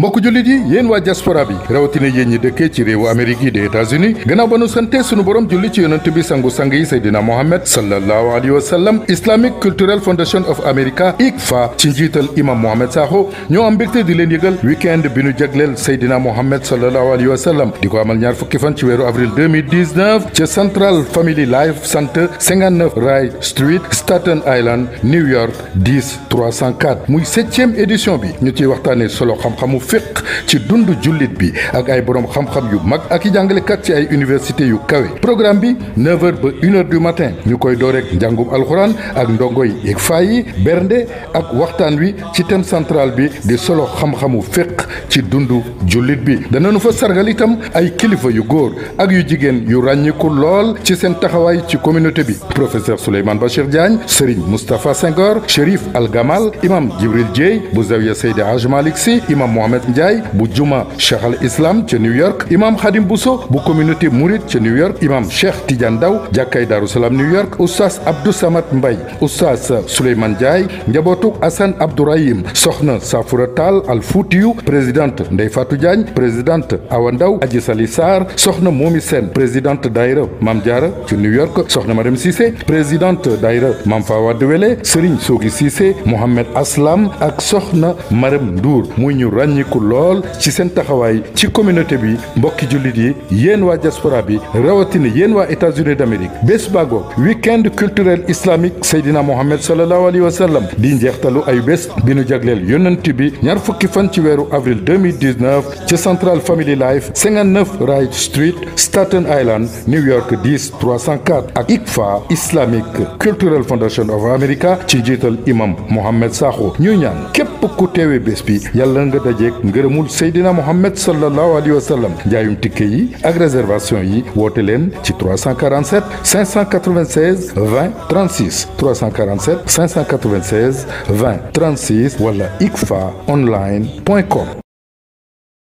mbokk jullit yi yéen waa diaspora bi rawatina yéen ñi dëkkee ci réewu amérique yi di états-unis gannaaw ba nu sante sunu borom julli ci yonent bi sangu-sang yi seydina mohammed sallallahu islamic cultural foundation of america ICFA ci njiital imam mohammed Sakho ñoo am mbégte di leen yëgal weekend bi nu jagleel seydina mohammed di ko amal ñaar fukki fan ci weeru avril ca central family life centre 59 Ray street Staten Island New York muy septième édition fiq ci dund jullit bi ak ay borom xam-xam yu mag ak i jàngalekat ci ay université yu kawe programme bi 9 ba 1h du matin ñu koy door rek njàngum alxuraan ak ndongo yi yeg faa yi bernde ak waxtaan wi ci thème central bi di solo xam-xamu fiq ci dundu jullit bi nu fa sargal itam ay kilifa yu góor ak yu jigéen yu ràññiku lool ci seen taxawaay ci communauté bi professeur Souleymane Bachir Diagne Serigne Moustapha Senghor Chérif Al Gamal imam Jibril Ahmed bu juma Cheikh al Islam ca New York imam bu so bu communauté Mouride ca New York imam Cheikh Tidiane Ndaw jàkkay Darou Salaam New York oustaz Abdou Samad Mbay oustaz Souleymane Ndiaye njabootuk Assane Abdourahim soxna Safoura Tall al Foutiyu présidente nday Fatou Diagne présidente Awa Ndaw Adji Sali Sarr soxna Momi Sène présidente daïra Mame Diarra ci New York soxna Mariam Cissé présidente daïra Mame Fawa Dewele Serigne Sogi Cissé Mohamed Aslam ak soxna Mariam Ndour takku lool ci seen taxawaay ci communauté bi mbokki jullit yi yéen waa diaspora bi rawatina yéen waa États-Unis d'Amérique bés bago week-end culturel islamique Seydina Mohamed sallallahu alayhi wa sallam di njeextalu ay bés bi nu jagleel yonent bi ñaar fukki fan ci weeru avril 2019 ci Central Family Life 59 Wright Street Staten Island New York 10 304 ak ICFA Islamic Cultural Foundation of America ci njiital imam Mohamed Sakho ñuy ñaan képp ku teewe bés bi yàlla nga dajeek ngërëmul Seydina Mohamed sallallahu alayhi wa sallam njaayum tikke yi ak réservation yi woote leen ci 347 596 20 36 347 596 20 36 wala icfa online point com